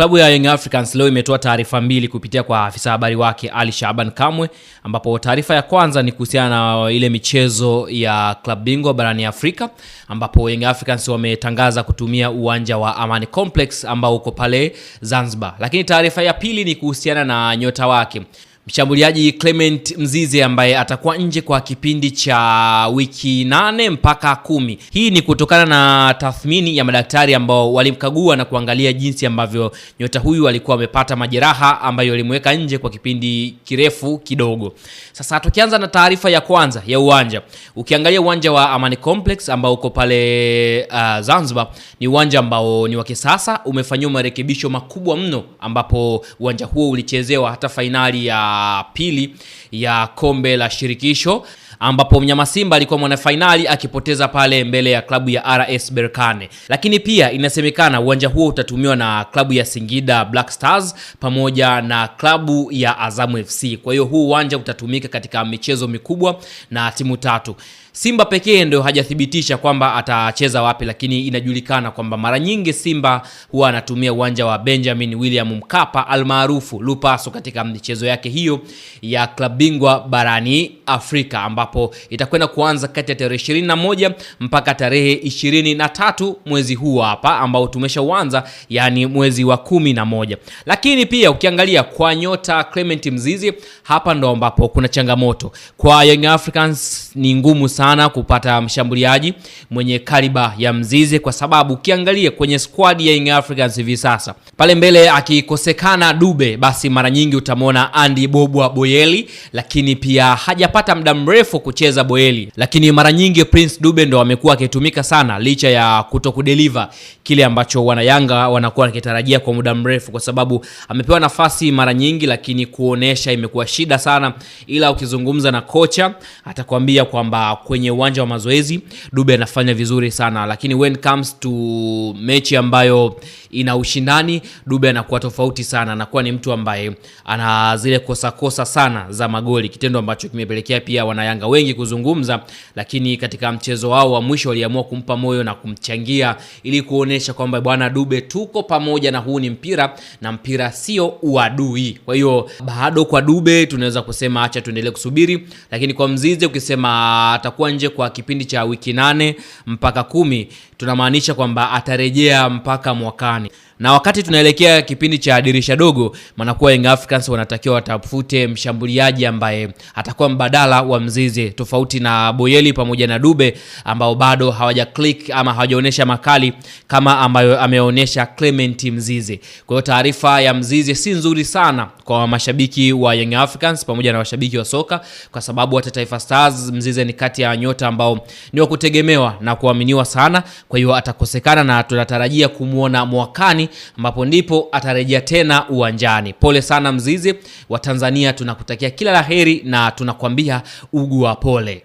Klabu ya Young Africans leo imetoa taarifa mbili kupitia kwa afisa habari wake Ali Shaban Kamwe, ambapo taarifa ya kwanza ni kuhusiana na ile michezo ya klabu bingwa barani Afrika, ambapo Young Africans wametangaza kutumia uwanja wa Amani Complex ambao uko pale Zanzibar, lakini taarifa ya pili ni kuhusiana na nyota wake mshambuliaji Clement Mzize ambaye atakuwa nje kwa kipindi cha wiki nane mpaka kumi. Hii ni kutokana na tathmini ya madaktari ambao walimkagua na kuangalia jinsi ambavyo nyota huyu alikuwa amepata majeraha ambayo yalimweka nje kwa kipindi kirefu kidogo. Sasa tukianza na taarifa ya kwanza ya uwanja, ukiangalia uwanja wa Amani Complex ambao uko pale uh, Zanzibar, ni uwanja ambao ni wa kisasa, umefanyiwa marekebisho makubwa mno, ambapo uwanja huo ulichezewa hata fainali ya pili ya kombe la shirikisho ambapo mnyama Simba alikuwa mwanafainali akipoteza pale mbele ya klabu ya RS Berkane. Lakini pia inasemekana uwanja huo utatumiwa na klabu ya Singida Black Stars pamoja na klabu ya Azamu FC. Kwa hiyo huu uwanja utatumika katika michezo mikubwa na timu tatu. Simba pekee ndio hajathibitisha kwamba atacheza wapi, lakini inajulikana kwamba mara nyingi Simba huwa anatumia uwanja wa Benjamin William Mkapa almaarufu Lupaso katika michezo yake hiyo ya klabu bingwa barani Afrika ambapo ambapo itakwenda kuanza kati ya tarehe 21 mpaka tarehe 23 mwezi huu hapa ambao tumeshaanza yani mwezi wa kumi na moja. Lakini pia ukiangalia kwa nyota Clement Mzizi, hapa ndo ambapo kuna changamoto kwa Young Africans. Ni ngumu sana kupata mshambuliaji mwenye kaliba ya Mzizi kwa sababu ukiangalia kwenye squad ya Young Africans hivi sasa pale mbele akikosekana Dube, basi mara nyingi utamwona Andy Bobwa Boyeli, lakini pia hajapata muda mrefu kucheza boeli, lakini mara nyingi Prince Dube ndo amekuwa akitumika sana, licha ya kuto kudeliver kile ambacho wanayanga wanakuwa wakitarajia kwa muda mrefu, kwa sababu amepewa nafasi mara nyingi, lakini kuonesha imekuwa shida sana. Ila ukizungumza na kocha atakwambia kwamba kwenye uwanja wa mazoezi Dube anafanya vizuri sana, lakini when comes to mechi ambayo ina ushindani Dube anakuwa tofauti sana, anakuwa ni mtu ambaye ana zile kosakosa kosa sana za magoli, kitendo ambacho kimepelekea pia wanayanga wengi kuzungumza, lakini katika mchezo wao wa mwisho waliamua kumpa moyo na kumchangia ili kuonesha kwamba bwana Dube, tuko pamoja na huu ni mpira na mpira sio uadui. Kwa hiyo bado kwa Dube tunaweza kusema acha tuendelee kusubiri, lakini kwa Mzize ukisema atakuwa nje kwa kipindi cha wiki nane mpaka kumi tunamaanisha kwamba atarejea mpaka mwakani na wakati tunaelekea kipindi cha dirisha dogo, manakuwa Young Africans wanatakiwa watafute mshambuliaji ambaye atakuwa mbadala wa Mzize, tofauti na Boyeli pamoja na Dube ambao bado hawaja click ama hawajaonyesha makali kama ambayo ameonyesha Clement Mzize. Kwa hiyo taarifa ya Mzize si nzuri sana kwa mashabiki wa Young Africans pamoja na washabiki wa soka, kwa sababu hata Taifa Stars Mzize ni kati ya nyota ambao ni wa kutegemewa na kuaminiwa sana. Kwa hiyo atakosekana na tunatarajia kumwona mwakani ambapo ndipo atarejea tena uwanjani. Pole sana Mzize wa Tanzania, tunakutakia kila laheri na tunakwambia ugu wa pole.